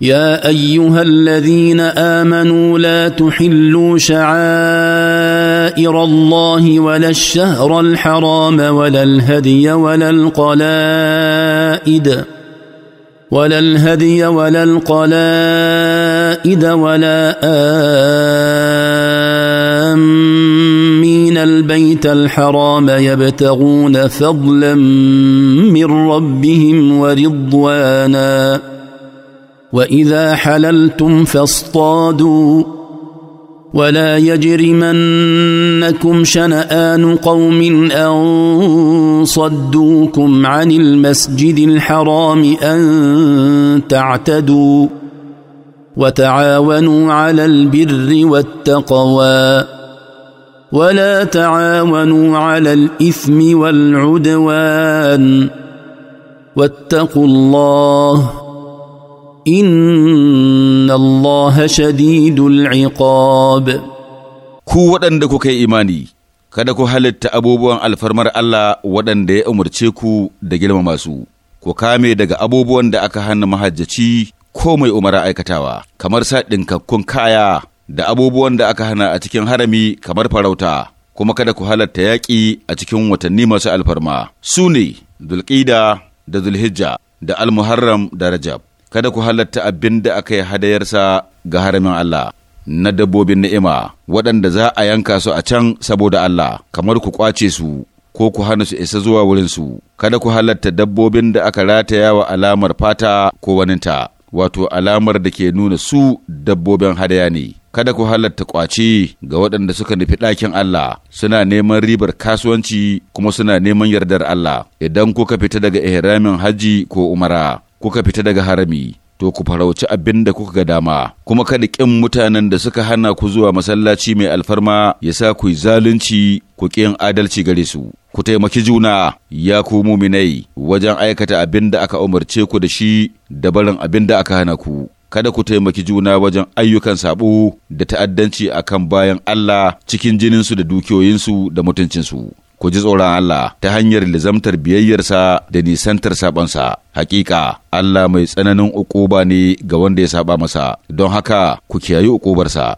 يا ايها الذين امنوا لا تحلوا شعائر الله ولا الشهر الحرام ولا الهدي ولا القلائد ولا الهدي ولا القلائد ولا آمين البيت الحرام يبتغون فضلا من ربهم ورضوانا واذا حللتم فاصطادوا ولا يجرمنكم شنان قوم ان صدوكم عن المسجد الحرام ان تعتدوا وتعاونوا على البر والتقوى ولا تعاونوا على الاثم والعدوان واتقوا الله inna Allah shadidul iqab ku waɗanda kuka yi imani kada ku halitta abubuwan alfarmar Allah waɗanda ya umarce ku da girmama masu, ku kame daga abubuwan da aka hana mahajjaci ko mai umara aikatawa kamar sa ɗinkakkun kaya da abubuwan da aka hana a cikin harami kamar farauta kuma kada ku halatta yaƙi a cikin watanni masu alfarma su ne dulƙida da zulhijja da almuharram da rajab kada ku halatta abin da aka yi hadayarsa ga haramin Allah na dabbobin ni'ima waɗanda za a yanka su a can saboda Allah kamar ku kwace su ko ku hana su isa zuwa wurinsu kada ku halatta dabbobin da aka rataya wa alamar fata ko waninta wato alamar da ke nuna su dabbobin hadaya ne kada ku halatta ƙwace ga waɗanda suka nufi ɗakin Allah suna neman ribar kasuwanci kuma suna neman yardar Allah idan kuka fita daga ihramin haji ko umara kuka fita daga harami to ku farauci abin da kuka ga dama kuma kada ƙin mutanen da suka hana ku zuwa masallaci mai alfarma ya sa ku zalunci ku ƙin adalci gare su ku taimaki juna ya ku muminai wajen aikata abin da aka umarce ku da shi da barin abin da aka hana ku kada ku taimaki juna wajen ayyukan sabo da ta'addanci akan bayan Allah cikin jininsu da dukiyoyinsu da mutuncinsu ku ji tsoron Allah ta hanyar lizamtar biyayyarsa da nisantar sabonsa. Hakika Allah mai tsananin ukuba ne ga wanda ya saba masa, don haka ku kiyayi ukubarsa.